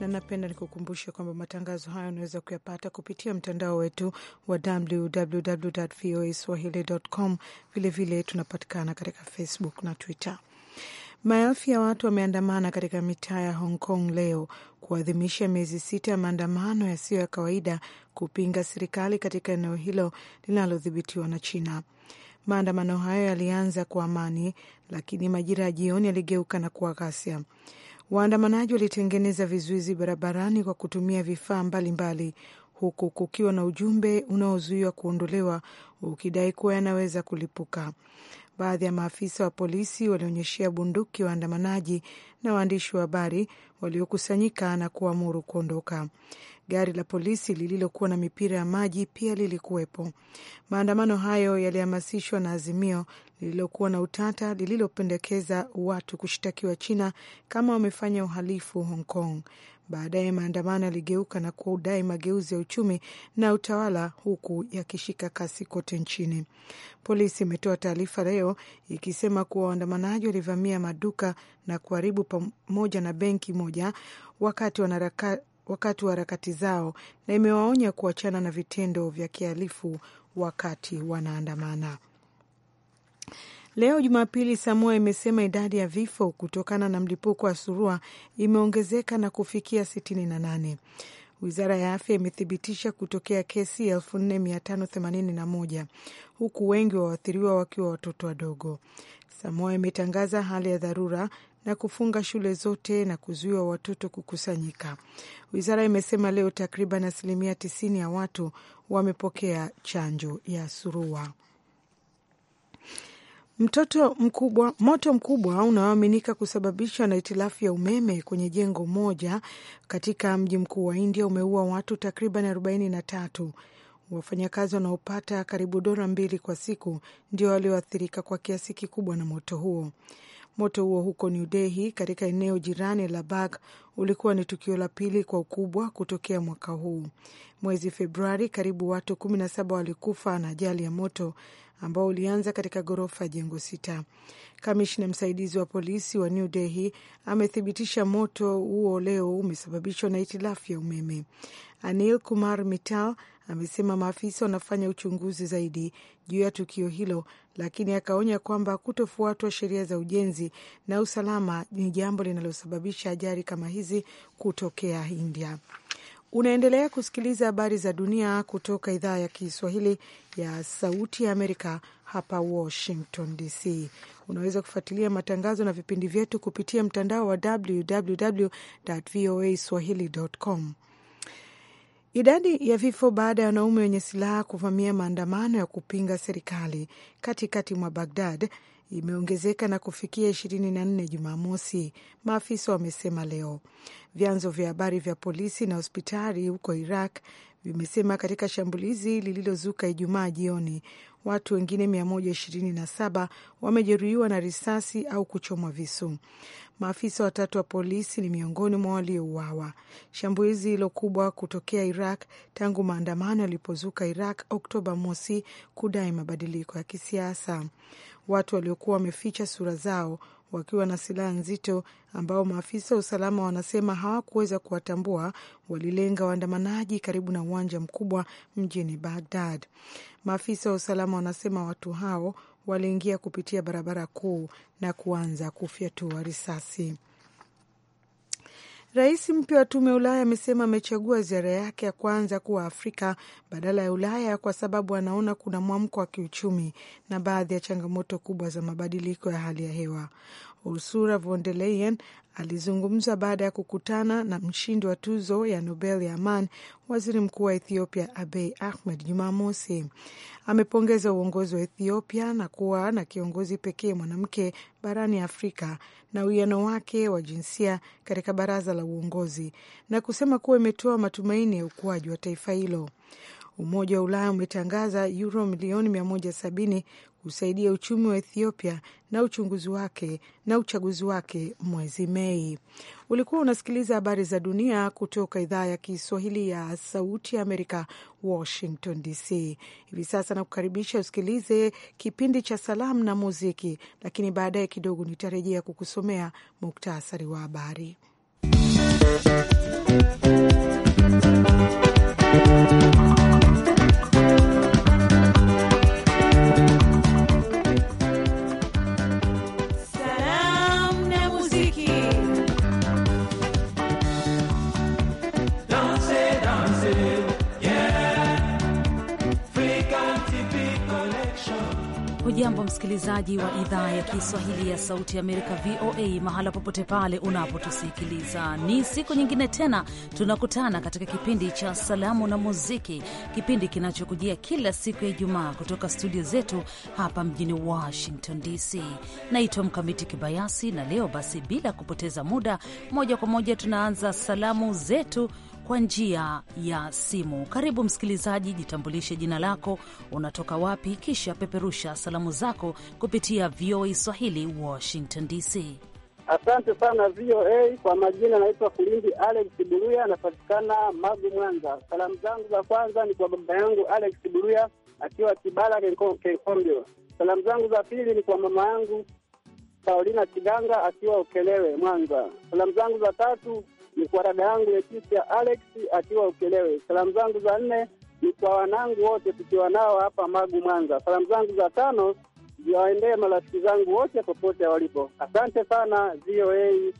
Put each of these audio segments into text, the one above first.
na napenda nikukumbushe kwamba matangazo hayo unaweza kuyapata kupitia mtandao wetu wa swahilicom Vilevile tunapatikana katika Facebook na Twitter. Maelfu ya watu wameandamana katika mitaa ya Hong Kong leo kuadhimisha miezi sita ya maandamano yasiyo ya kawaida kupinga serikali katika eneo hilo linalodhibitiwa na China. Maandamano hayo yalianza kwa amani, lakini majira ya jioni yaligeuka na kuwa ghasia. Waandamanaji walitengeneza vizuizi barabarani kwa kutumia vifaa mbalimbali, huku kukiwa na ujumbe unaozuiwa kuondolewa ukidai kuwa yanaweza kulipuka. Baadhi ya maafisa wa polisi walionyeshea bunduki waandamanaji na waandishi wa habari waliokusanyika na kuamuru kuondoka. Gari la polisi lililokuwa na mipira ya maji pia lilikuwepo. Maandamano hayo yalihamasishwa na Azimio lililokuwa na utata lililopendekeza watu kushtakiwa China kama wamefanya uhalifu Hong Kong. Baadaye maandamano yaligeuka na kudai mageuzi ya uchumi na utawala, huku yakishika kasi kote nchini. Polisi imetoa taarifa leo ikisema kuwa waandamanaji walivamia maduka na kuharibu pamoja na benki moja wakati wanaraka, wakati wa harakati zao, na imewaonya kuachana na vitendo vya kihalifu wakati wanaandamana. Leo Jumapili, Samoa imesema idadi ya vifo kutokana na mlipuko wa surua imeongezeka na kufikia 68. Wizara ya afya imethibitisha kutokea kesi 4581 huku wengi wa waathiriwa wakiwa watoto wadogo. Samoa imetangaza hali ya dharura na kufunga shule zote na kuzuiwa watoto kukusanyika. Wizara imesema leo takriban asilimia 90 ya watu wamepokea chanjo ya surua. Mtoto mkubwa, moto mkubwa unaoaminika kusababishwa na hitilafu ya umeme kwenye jengo moja katika mji mkuu wa India umeua watu takriban arobaini na tatu. Wafanyakazi wanaopata karibu dola mbili kwa siku ndio walioathirika kwa kiasi kikubwa na moto huo. Moto huo huko New Delhi katika eneo jirani la Bagh ulikuwa ni tukio la pili kwa ukubwa kutokea mwaka huu. Mwezi Februari, karibu watu kumi na saba walikufa na ajali ya moto ambao ulianza katika ghorofa ya jengo sita. Kamishna msaidizi wa polisi wa New Delhi amethibitisha moto huo leo umesababishwa na hitilafu ya umeme. Anil Kumar Mittal amesema maafisa wanafanya uchunguzi zaidi juu ya tukio hilo, lakini akaonya kwamba kutofuatwa sheria za ujenzi na usalama ni jambo linalosababisha ajali kama hizi kutokea India. Unaendelea kusikiliza habari za dunia kutoka idhaa ya Kiswahili ya Sauti ya Amerika hapa Washington DC. Unaweza kufuatilia matangazo na vipindi vyetu kupitia mtandao wa www voa swahili.com. Idadi ya vifo baada ya wanaume wenye silaha kuvamia maandamano ya kupinga serikali katikati mwa Bagdad imeongezeka na kufikia ishirini na nne Jumamosi, maafisa wamesema leo. Vyanzo vya habari vya polisi na hospitali huko Iraq vimesema katika shambulizi lililozuka Ijumaa jioni watu wengine 127 wamejeruhiwa na risasi au kuchomwa visu. Maafisa watatu wa polisi ni miongoni mwa waliouawa. Shambulizi hilo kubwa kutokea Iraq tangu maandamano yalipozuka Iraq Oktoba mosi kudai mabadiliko ya kisiasa watu waliokuwa wameficha sura zao wakiwa na silaha nzito ambao maafisa wa usalama wanasema hawakuweza kuwatambua walilenga waandamanaji karibu na uwanja mkubwa mjini bagdad Maafisa wa usalama wanasema watu hao waliingia kupitia barabara kuu na kuanza kufyatua risasi. Rais mpya wa tume ya Ulaya amesema amechagua ziara yake ya kwanza kuwa Afrika badala ya Ulaya kwa sababu anaona kuna mwamko wa kiuchumi na baadhi ya changamoto kubwa za mabadiliko ya hali ya hewa. Ursula von der Leyen alizungumza baada ya kukutana na mshindi wa tuzo ya Nobel ya amani, waziri mkuu wa Ethiopia Abiy Ahmed Jumamosi. Amepongeza uongozi wa Ethiopia na kuwa na kiongozi pekee mwanamke barani Afrika na uwiano wake wa jinsia katika baraza la uongozi na kusema kuwa imetoa matumaini ya ukuaji wa taifa hilo. Umoja wa Ulaya umetangaza yuro milioni 170 usaidie uchumi wa Ethiopia na uchunguzi wake na uchaguzi wake mwezi Mei. Ulikuwa unasikiliza habari za dunia kutoka idhaa ya Kiswahili ya Sauti ya Amerika, Washington DC. Hivi sasa nakukaribisha usikilize kipindi cha Salamu na Muziki, lakini baadaye kidogo nitarejea kukusomea muktasari wa habari. Hujambo msikilizaji wa idhaa ya Kiswahili ya Sauti ya Amerika, VOA, mahala popote pale unapotusikiliza. Ni siku nyingine tena tunakutana katika kipindi cha Salamu na Muziki, kipindi kinachokujia kila siku ya Ijumaa kutoka studio zetu hapa mjini Washington DC. Naitwa Mkamiti Kibayasi, na leo basi, bila kupoteza muda, moja kwa moja tunaanza salamu zetu kwa njia ya simu. Karibu msikilizaji, jitambulishe jina lako, unatoka wapi, kisha peperusha salamu zako kupitia VOA Swahili, Washington DC. Asante sana VOA. Kwa majina naitwa Kulindi Alex Buruya, anapatikana Magu, Mwanza. Salamu zangu za kwanza ni kwa baba yangu Alex Buruya akiwa Kibala Kenkombio. Salamu zangu za pili ni kwa mama yangu Paulina Kiganga akiwa Ukelewe, Mwanza. Salamu zangu za tatu ni kwa dada yangu Leticia Alex akiwa Ukelewe. Salamu zangu za nne ni kwa wanangu wote tukiwa nao hapa Magu, Mwanza. Salamu zangu za tano ziwaendee marafiki zangu wote popote walipo. Asante sana VOA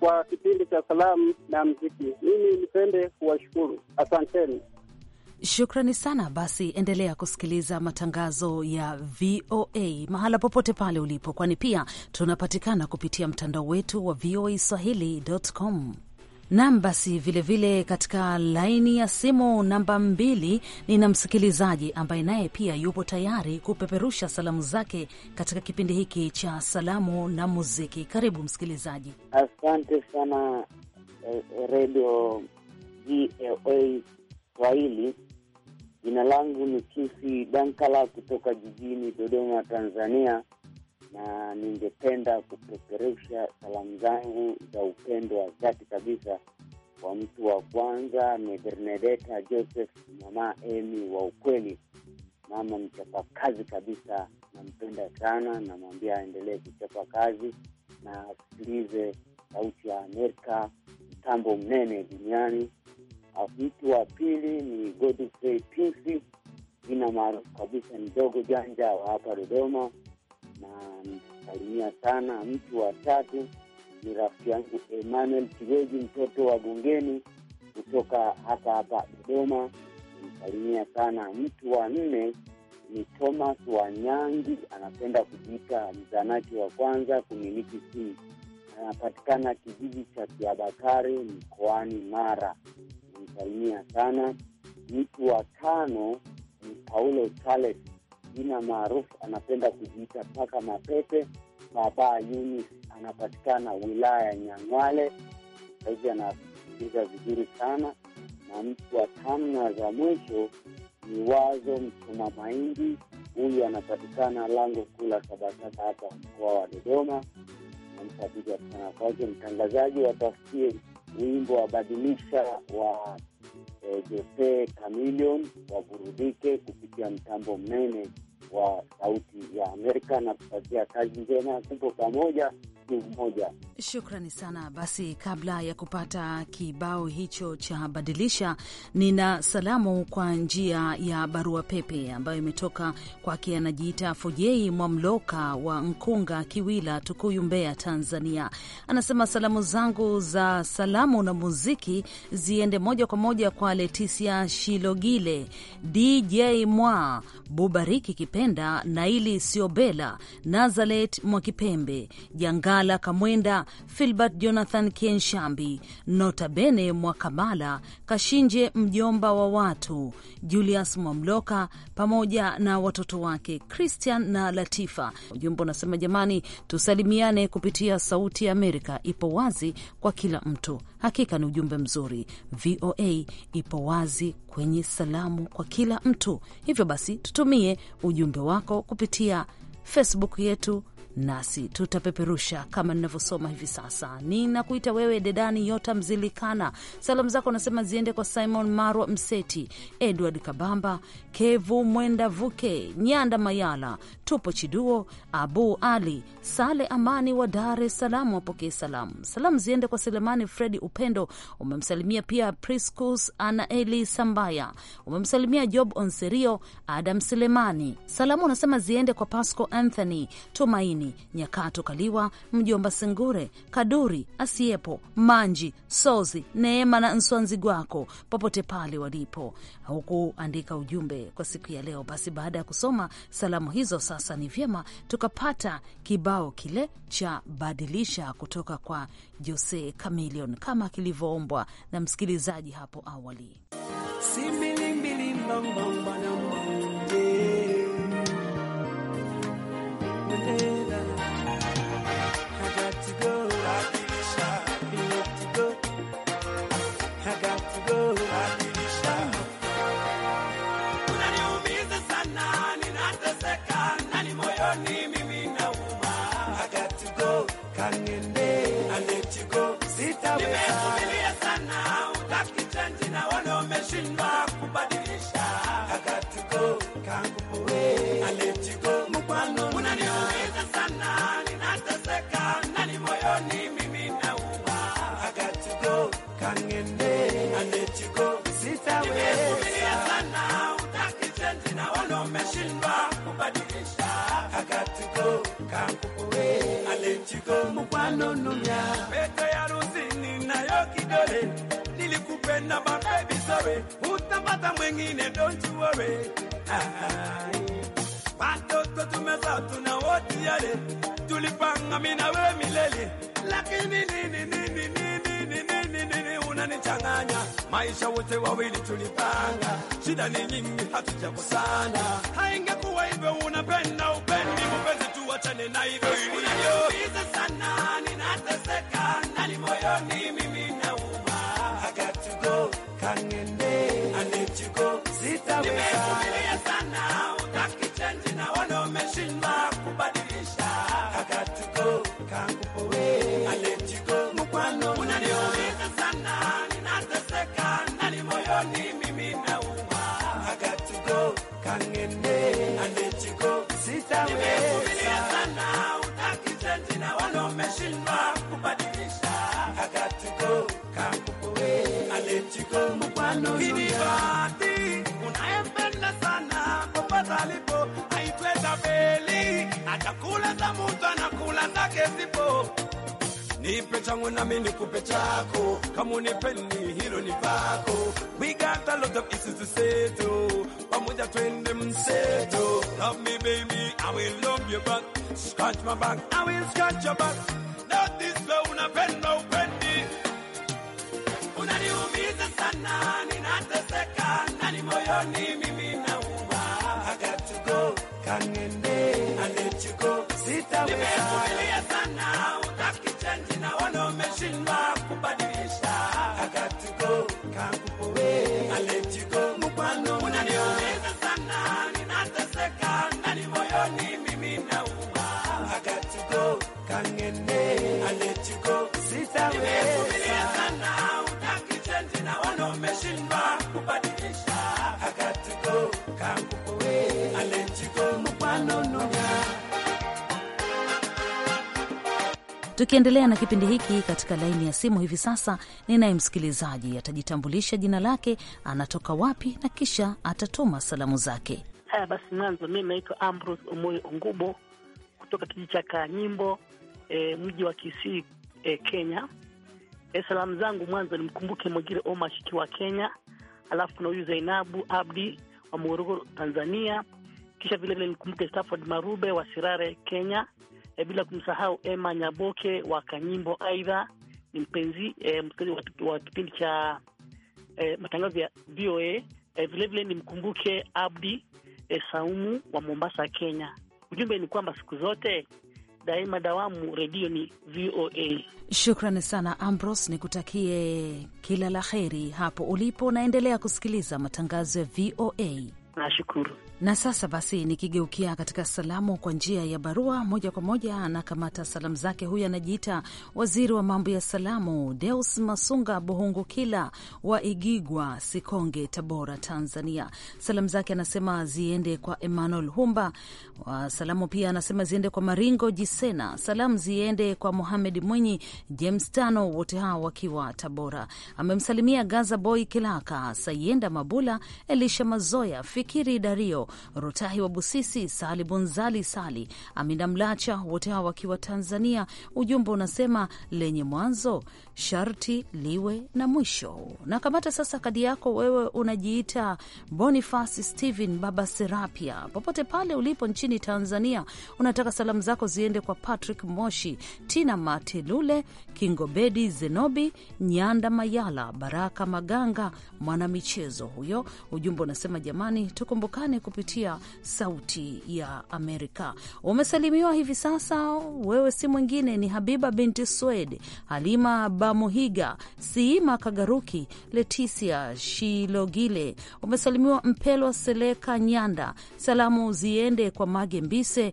kwa kipindi cha salamu na mziki. Mimi nipende kuwashukuru, asanteni. Shukrani sana. Basi endelea kusikiliza matangazo ya VOA mahala popote pale ulipo, kwani pia tunapatikana kupitia mtandao wetu wa swahilicom Nam, basi vilevile katika laini ya simu namba mbili nina msikilizaji ambaye naye pia yupo tayari kupeperusha salamu zake katika kipindi hiki cha salamu na muziki. Karibu msikilizaji. Asante sana eh, redio VOA Swahili. Jina langu ni Kisi Dankala kutoka jijini Dodoma, Tanzania na ningependa kupeperusha salamu zangu za upendo wa dhati kabisa kwa mtu wa kwanza ni Bernadeta Joseph, mama Emi wa ukweli, mama mchapa kazi kabisa, nampenda sana, namwambia aendelee kuchapa kazi na asikilize Sauti ya Amerika, mtambo mnene duniani. Ah, mtu wa pili ni Godfrey Pinsi, jina maarufu kabisa ni Dogo Janja wa hapa Dodoma na nikusalimia sana. Mtu wa tatu ni rafiki yangu Emmanuel Kiweji, mtoto wa Gongeni kutoka hapa hapa Dodoma, nimsalimia sana. Mtu wa nne ni Thomas Wanyangi, anapenda kujiita mzanaki wa kwanza kumiliki simu, anapatikana kijiji cha Kiabakari mkoani Mara, nimsalimia sana. Mtu wa tano ni Paulo Charles jina maarufu anapenda kujiita Paka Mapete, Baba Yunis. Anapatikana wilaya ya Nyang'wale. Sahizi anasikiliza vizuri sana, na mtu wa tamna za mwisho ni Wazo Mchuma Mahindi. Huyu anapatikana lango kuu la Sabasaba hapa mkoa wa Dodoma. Namsabidi sana kwake mtangazaji, watafutie wimbo wa badilisha wa e, Jose Chameleone waburudike kupitia mtambo mnene wa Sauti ya Amerika na kupatia kazi njema. Tupo pamoja siku moja. Shukrani sana. Basi, kabla ya kupata kibao hicho cha badilisha, nina salamu kwa njia ya barua pepe ambayo imetoka kwake, anajiita Fojei Mwamloka wa Nkunga Kiwila, Tukuyu, Mbeya, Tanzania. Anasema salamu zangu za salamu na muziki ziende moja kwa moja kwa Letisia Shilogile, DJ Mwa Bubariki Kipenda, Naili Siobela, Nazaret Mwakipembe Jangali Mwakala Kamwenda, Filbert Jonathan Kienshambi, Notabene Mwakamala Kashinje, mjomba wa watu, Julius Mwamloka pamoja na watoto wake Christian na Latifa. Ujumbe unasema jamani, tusalimiane kupitia Sauti ya Amerika, ipo wazi kwa kila mtu. Hakika ni ujumbe mzuri. VOA ipo wazi kwenye salamu kwa kila mtu, hivyo basi tutumie ujumbe wako kupitia Facebook yetu nasi tutapeperusha kama ninavyosoma hivi sasa. Ninakuita wewe Dedani Yota Mzilikana, salamu zako nasema ziende kwa Simon Marwa Mseti, Edward Kabamba, Kevu Mwenda Vuke, Nyanda Mayala, Tupo Chiduo, Abu Ali Sale Amani wa Dar es Salaam, wapokee salamu. Salamu ziende kwa Selemani Fredi Upendo, umemsalimia pia Priscus Eli Sambaya, umemsalimia Job Onserio, Adam Selemani. Salamu unasema ziende kwa Pasco Anthony Tumaini Msoni, Nyakato Kaliwa, Mjomba Sengure, Kaduri, Asiepo, Manji, Sozi, Neema na Nswanzi Gwako, popote pale walipo, hukuandika ujumbe kwa siku ya leo. Basi baada ya kusoma salamu hizo, sasa ni vyema tukapata kibao kile cha Badilisha kutoka kwa Jose Chameleone kama kilivyoombwa na msikilizaji hapo awali. Simbilimbili mbambamba nimevumilia sana utaki chanji na wale wameshindwa sana ninateseka ndani Michiko mukwano numya pete ya rusini nayo kidole nilikupenda mabebi sowe utapata mwengine don't you worry watoto tumeza tuna woti yale tulipanga mina we milele lakini nini nini nini nini nini unanichanganya maisha wote wawili tulipanga shida ni nyingi hatujakusana haingekuwa hivyo unapenda upendi mpenzi tuachane na hivyo nami nikupe chako, kama unipendi hilo ni pako. We got a lot of issues to settle, pamoja twende mseto. Love me baby, I will love you back, scratch my back, I will scratch your back. That is love unapenda upendi, unaniumiza sana, ninateseka nani moyoni mimi nauma. I got to go, kaniende, I let you go, sitaweza, nimevumilia sana change na wala umeshindwa kubadilisha. Kakatuko kangupowe aletiko mkwano unaniumiza sana, ninateseka ndani moyoni mimi nauma. Kakatuko kangene aletiko sitawe Tukiendelea na kipindi hiki katika laini ya simu hivi sasa, ninaye msikilizaji atajitambulisha jina lake, anatoka wapi na kisha atatuma salamu zake. Haya basi, mwanzo mi naitwa Ambrose Omoyo Ongubo kutoka kijiji cha Kanyimbo, e, mji wa Kisii, e, Kenya. E, salamu zangu mwanzo nimkumbuke Mwagire Shiki wa Kenya, alafu na huyu Zainabu Abdi wa Morogoro, Tanzania. Kisha vilevile nikumbuke Stafford Marube wa Sirare, Kenya e, bila kumsahau Emma Nyaboke wa Kanyimbo. Aidha ni mpenzi e, msikilizaji wa kipindi cha e, matangazo ya VOA. E, vilevile nimkumbuke Abdi e, Saumu wa Mombasa, Kenya. Ujumbe ni kwamba siku zote daima dawamu redio ni VOA. Shukrani sana Ambrose, nikutakie kila la heri hapo ulipo, naendelea kusikiliza matangazo ya VOA. Nashukuru. Na sasa basi, nikigeukia katika salamu kwa njia ya barua moja kwa moja, anakamata salamu zake. Huyu anajiita waziri wa mambo ya salamu, Deus Masunga Buhungu Kila wa Igigwa, Sikonge, Tabora, Tanzania. Salamu zake anasema ziende kwa Emmanuel Humba. Salamu pia anasema ziende kwa Maringo Jisena. Salamu ziende kwa Muhamed Mwinyi, James Tano, wote hao wakiwa Tabora. Amemsalimia Gaza Boy Kilaka, Sayenda Mabula, Elisha Mazoya, Fikiri Dario Rutahi wa Busisi, Sali Bunzali Sali, Amina Mlacha, wote hao wakiwa Tanzania. Ujumbe unasema lenye mwanzo sharti liwe na mwisho. Na kamata sasa kadi yako wewe, unajiita Bonifas Steven Baba Serapia, popote pale ulipo nchini Tanzania, unataka salamu zako ziende kwa Patrick Moshi, Tina Matelule, Kingobedi Zenobi, Nyanda Mayala, Baraka Maganga, mwanamichezo huyo. Ujumbe unasema jamani, tukumbukane kupi kupitia Sauti ya Amerika. Umesalimiwa hivi sasa, wewe si mwingine ni Habiba binti Swed, Halima Bamuhiga, Siima Kagaruki, Letisia Shilogile. Umesalimiwa Mpelwa Seleka Nyanda. Salamu ziende kwa Mage Mbise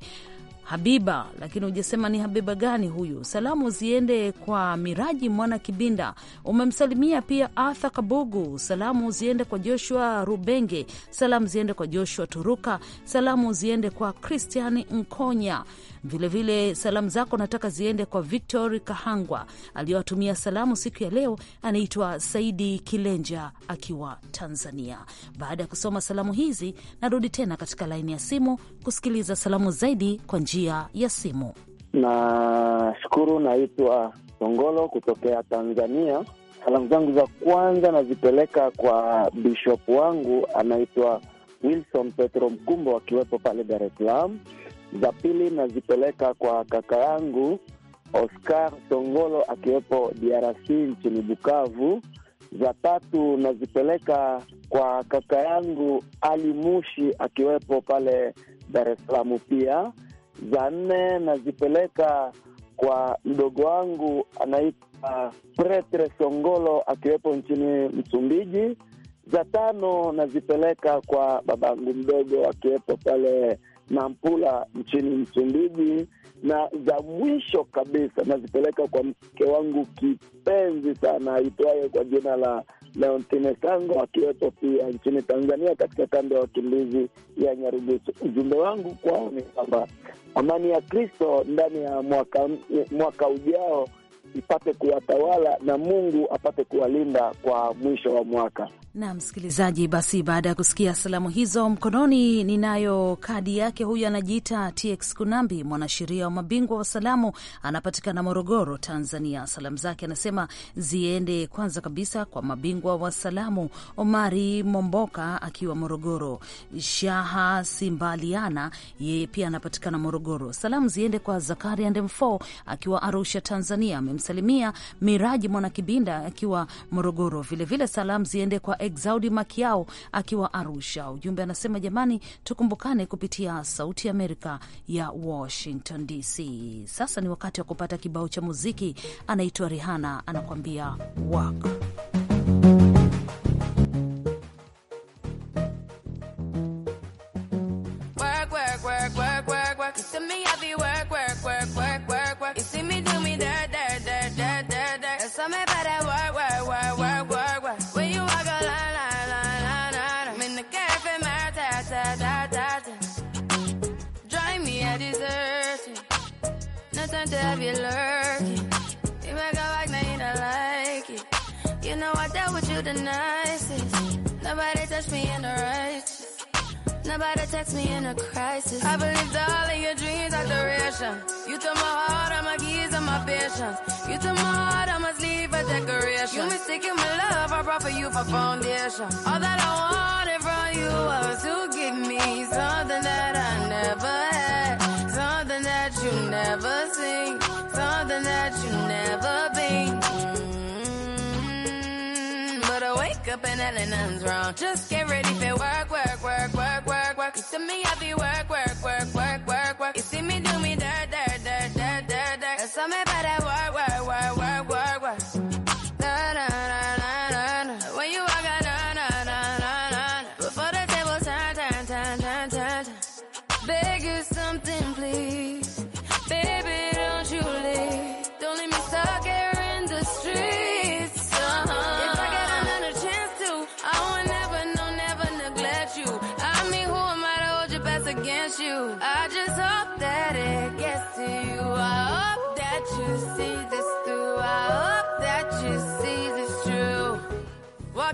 Habiba, lakini hujasema ni Habiba gani huyu. Salamu ziende kwa Miraji Mwana Kibinda, umemsalimia pia Arthur Kabugu. Salamu ziende kwa Joshua Rubenge, salamu ziende kwa Joshua Turuka, salamu ziende kwa Christian Nkonya. Vilevile salamu zako nataka ziende kwa Victori Kahangwa, aliyowatumia salamu siku ya leo anaitwa Saidi Kilenja akiwa Tanzania. Baada ya kusoma salamu hizi, narudi tena katika laini ya simu kusikiliza salamu zaidi kwa njia njia ya simu. Nashukuru, naitwa Tongolo kutokea Tanzania. Salamu zangu za kwanza nazipeleka kwa bishop wangu anaitwa Wilson Petro Mkumbo akiwepo pale Dar es Salaam. Za pili nazipeleka kwa kaka yangu Oscar Tongolo akiwepo DRC nchini Bukavu. Za tatu nazipeleka kwa kaka yangu Ali Mushi akiwepo pale Dar es Salaam pia za nne nazipeleka kwa mdogo wangu anaitwa Pretre Songolo akiwepo nchini Msumbiji. Za tano nazipeleka kwa babangu mdogo akiwepo pale Nampula nchini Msumbiji, na za mwisho kabisa nazipeleka kwa mke wangu kipenzi sana aitwaye kwa jina la nchini Kango akiwepo pia nchini Tanzania katika kambi ya wakimbizi ya Nyarugusu. Ujumbe wangu kwao ni kwamba amani ya Kristo ndani ya mwaka, mwaka ujao ipate kuwatawala na Mungu apate kuwalinda kwa mwisho wa mwaka. Na msikilizaji, basi baada ya kusikia salamu hizo, mkononi ninayo kadi yake. Huyu anajiita TX Kunambi, mwanasheria wa mabingwa wa salamu, anapatikana Morogoro, Tanzania. Salamu zake anasema ziende kwanza kabisa kwa mabingwa wa salamu, Omari Momboka akiwa Morogoro, Shaha Simbaliana, yeye pia anapatikana Morogoro. Salamu ziende kwa Zakaria Ndemfo akiwa Arusha, Tanzania tunamsalimia Miraji Mwanakibinda akiwa Morogoro, vilevile salamu ziende kwa Exaudi Makiao akiwa Arusha. Ujumbe anasema jamani, tukumbukane kupitia Sauti ya Amerika ya Washington DC. Sasa ni wakati wa kupata kibao cha muziki, anaitwa Rihana anakuambia wak sent to have you lurking. You make a like, now you don't like it. You know I dealt with you the nicest. Nobody touched me in the righteous. Nobody text me in a crisis. I believed all of your dreams are duration. You took my heart, all my keys, and my patience. You took my heart, I must leave a decoration. You mistaken my love, I brought for you for foundation. All that I wanted from you was to give me something that I never had, something that you never something that you never been. Mm-hmm. But I wake up and hell nothing's wrong. Just get ready for work, work, work, work, work, work. You see me, I be work, work, work, work, work, work. You see me do me dirt, dirt.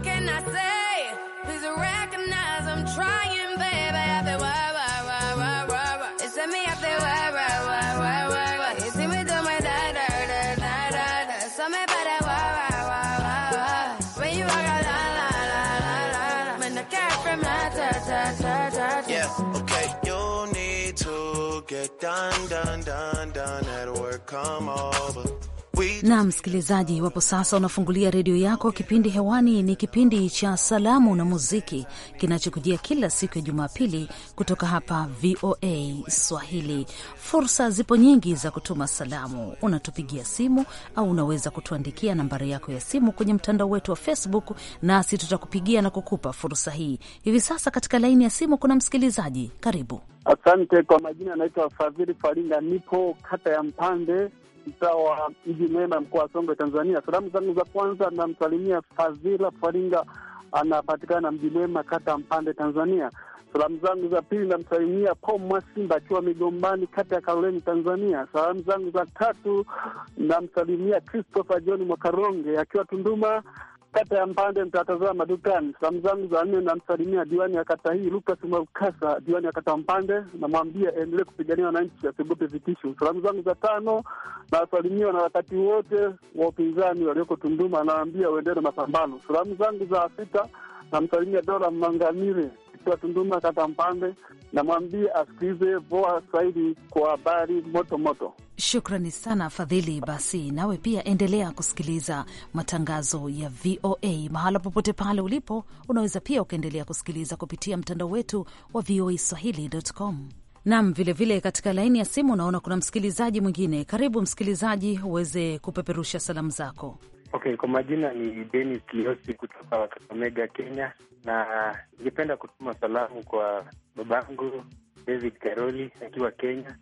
can I say? Please recognize I'm trying, baby. i feel wild, wild, wild, wild, wild, wild. wah. It's me, i feel wild, wild, wild, wild, wild. wah, You see me do my da, da, da, da, da, da. So me better wild, wild, wild, wild, wild. When you walk out, la, la, la, la, la, When the cat from my ta, ta, ta, ta, ta. Yeah, okay. You need to get done, done, done, done at work. Come over. na msikilizaji, iwapo sasa unafungulia redio yako, kipindi hewani ni kipindi cha salamu na muziki kinachokujia kila siku ya Jumapili kutoka hapa VOA Swahili. Fursa zipo nyingi za kutuma salamu, unatupigia simu au unaweza kutuandikia nambari yako ya simu kwenye mtandao wetu wa Facebook, nasi tutakupigia na kukupa fursa hii. Hivi sasa katika laini ya simu kuna msikilizaji. Karibu. Asante. Kwa majina anaitwa Fadhili Faringa, nipo kata ya Mpande mtaa wa Mji Mwema, mkoa wa Songwe, Tanzania. Salamu zangu za kwanza namsalimia Fadhila Faringa, anapatikana Mji Mwema, kata Mpande, Tanzania. Salamu zangu za pili namsalimia Paul Mwasimba akiwa Migombani, kata ya Kaloleni, Tanzania. Salamu zangu za tatu namsalimia Christopher John Mwakaronge akiwa Tunduma kata ya Mpande mtatazama madukani. Salamu zangu za nne namsalimia diwani ya kata hii Lukas Mwaukasa, diwani ya kata Mpande, namwambia endelee kupigania wananchi, asiogope vitisho. Salamu zangu za tano nawasalimia na wakati wote wa upinzani walioko Tunduma, nawaambia waendelee na mapambano. Salamu zangu za sita namsalimia Dola Mangamire wa Tunduma, kata Mpande, namwambia asikilize VOA Swahili kwa habari moto moto. Shukrani sana Fadhili. Basi nawe pia endelea kusikiliza matangazo ya VOA mahala popote pale ulipo. Unaweza pia ukaendelea kusikiliza kupitia mtandao wetu wa VOA swahili.com. Nam, vilevile katika laini ya simu unaona kuna msikilizaji mwingine. Karibu msikilizaji, uweze kupeperusha salamu zako. Okay, kwa majina ni Denis Liosi kutoka Kakamega, Kenya, na ningependa kutuma salamu kwa babangu David Karoli akiwa Kenya,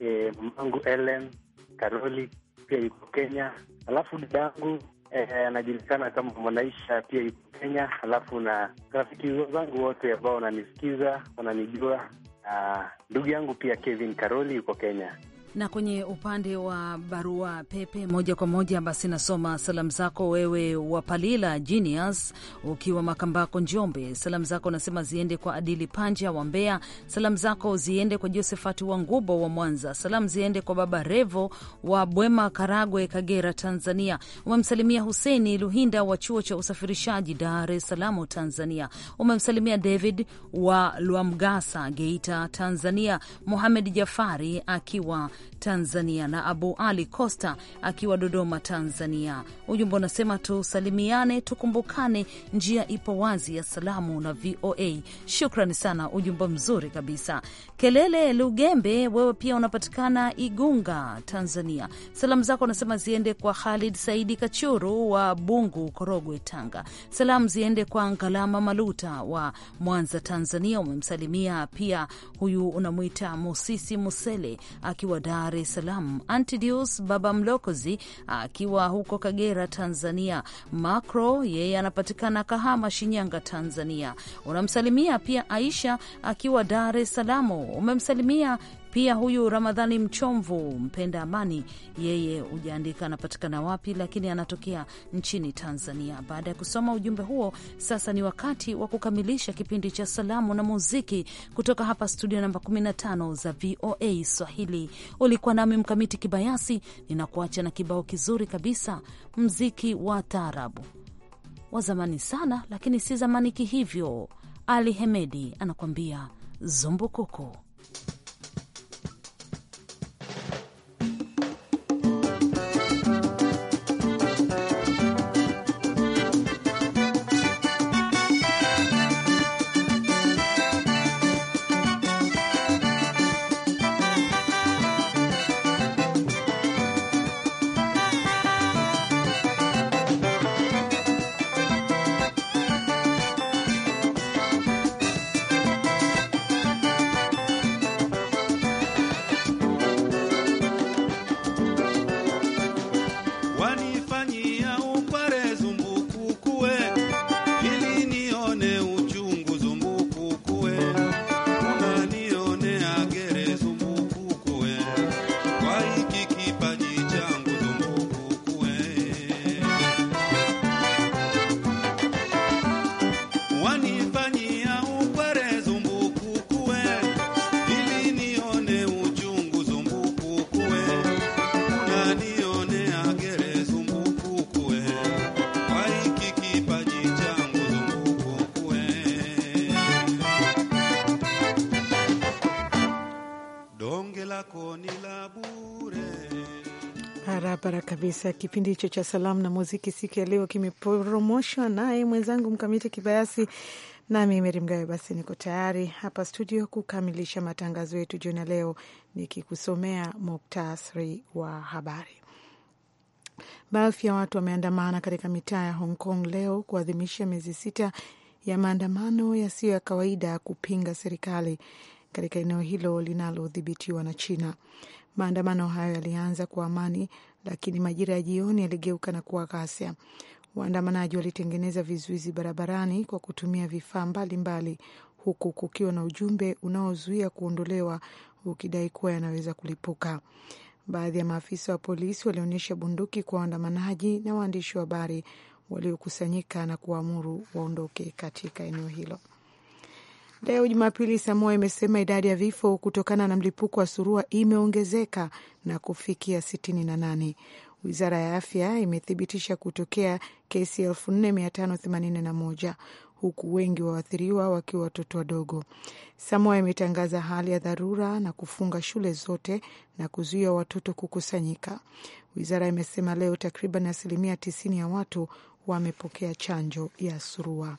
e, eh, mangu Ellen Karoli pia yuko Kenya. Alafu dadangu eh, anajulikana kama Mwanaisha pia yuko Kenya. Alafu na rafiki zangu wote ambao wananisikiza wananijua, ah, ndugu yangu pia Kevin Karoli yuko Kenya na kwenye upande wa barua pepe moja kwa moja basi, nasoma salamu zako wewe wa palila Genius ukiwa Makambako, Njombe. Salamu zako unasema ziende kwa Adili Panja wa Mbeya. Salamu zako ziende kwa Josefati wa Ngubo wa Mwanza. Salamu ziende kwa Baba Revo wa Bwema, Karagwe, Kagera, Tanzania. Umemsalimia Huseni Luhinda wa Chuo cha Usafirishaji, Dar es Salaam, Tanzania. Umemsalimia David wa Lwamgasa, Geita, Tanzania. Muhamed Jafari akiwa Tanzania na Abu Ali Costa akiwa Dodoma, Tanzania. Ujumbe unasema tusalimiane, tukumbukane, njia ipo wazi ya salamu na VOA. Shukrani sana, ujumbe mzuri kabisa. Kelele Lugembe, wewe pia unapatikana Igunga, Tanzania. Salamu zako unasema ziende kwa Khalid Saidi Kachuru wa Bungu, Korogwe, Tanga. Salamu ziende kwa Ngalama Maluta wa Mwanza, Tanzania. Umemsalimia pia huyu unamwita Musisi Musele akiwa Dar es Salaam, Antidius Baba Mlokozi akiwa huko Kagera, Tanzania, Macro yeye anapatikana Kahama, Shinyanga, Tanzania. Unamsalimia pia Aisha akiwa Dar es Salaam, umemsalimia pia huyu Ramadhani Mchomvu mpenda amani, yeye hujaandika anapatikana wapi, lakini anatokea nchini Tanzania. Baada ya kusoma ujumbe huo, sasa ni wakati wa kukamilisha kipindi cha salamu na muziki kutoka hapa studio namba 15 za VOA Swahili. Ulikuwa nami Mkamiti Kibayasi, ninakuacha na kibao kizuri kabisa, mziki wa taarabu wa zamani sana, lakini si zamani hivyo. Ali Hemedi anakuambia zumbukuku. kabisa. Kipindi hicho cha salamu na muziki siku ya leo kimeporomoshwa naye mwenzangu Mkamiti Kibayasi, nami Meri Mgawe. Basi niko tayari hapa studio kukamilisha matangazo yetu jioni ya leo nikikusomea muktasari wa habari. Baadhi ya watu wameandamana katika mitaa ya Hong Kong leo kuadhimisha miezi sita ya maandamano yasiyo ya kawaida kupinga serikali katika eneo hilo linalodhibitiwa na China. Maandamano hayo yalianza kwa amani lakini majira ya jioni yaligeuka na kuwa ghasia. Waandamanaji walitengeneza vizuizi barabarani kwa kutumia vifaa mbalimbali, huku kukiwa na ujumbe unaozuia kuondolewa ukidai kuwa yanaweza kulipuka. Baadhi ya maafisa wa polisi walionyesha bunduki kwa waandamanaji na waandishi wa habari waliokusanyika na kuwaamuru waondoke katika eneo hilo. Leo Jumapili, Samoa imesema idadi ya vifo kutokana na mlipuko wa surua imeongezeka na kufikia sitini na nane. Wizara ya afya imethibitisha kutokea kesi elfu nne mia tano na moja huku wengi wa waathiriwa wakiwa watoto wadogo. Samoa imetangaza hali ya dharura na kufunga shule zote na kuzuia watoto kukusanyika. Wizara imesema leo takriban asilimia tisini ya watu wamepokea chanjo ya surua.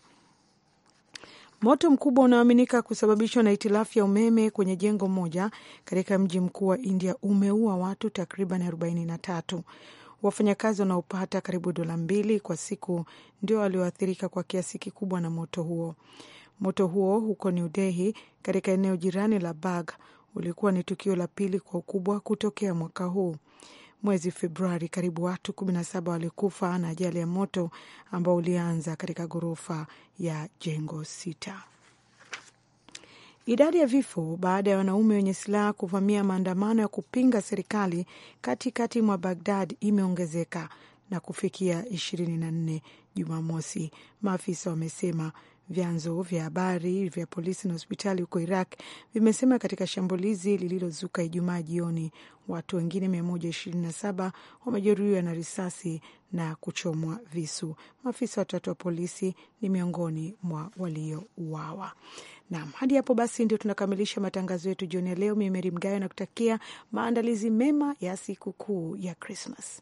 Moto mkubwa unaoaminika kusababishwa na hitilafu ya umeme kwenye jengo moja katika mji mkuu wa India umeua watu takriban 43. Wafanyakazi wanaopata karibu dola mbili kwa siku ndio walioathirika kwa kiasi kikubwa na moto huo. Moto huo huko New Delhi katika eneo jirani la Bagh ulikuwa ni tukio la pili kwa ukubwa kutokea mwaka huu mwezi Februari, karibu watu 17 walikufa na ajali ya moto ambao ulianza katika ghorofa ya jengo sita. Idadi ya vifo baada ya wanaume wenye silaha kuvamia maandamano ya kupinga serikali katikati mwa Bagdad imeongezeka na kufikia 24 Jumamosi, maafisa wamesema, Vyanzo vya habari vya polisi na hospitali huko Iraq vimesema katika shambulizi lililozuka Ijumaa jioni watu wengine 127 wamejeruhiwa na risasi na kuchomwa visu. Maafisa watatu wa polisi ni miongoni mwa waliouawa. Nam, hadi hapo basi ndio tunakamilisha matangazo yetu jioni ya leo. Mimi Meri Mgayo nakutakia maandalizi mema ya sikukuu ya Krismas.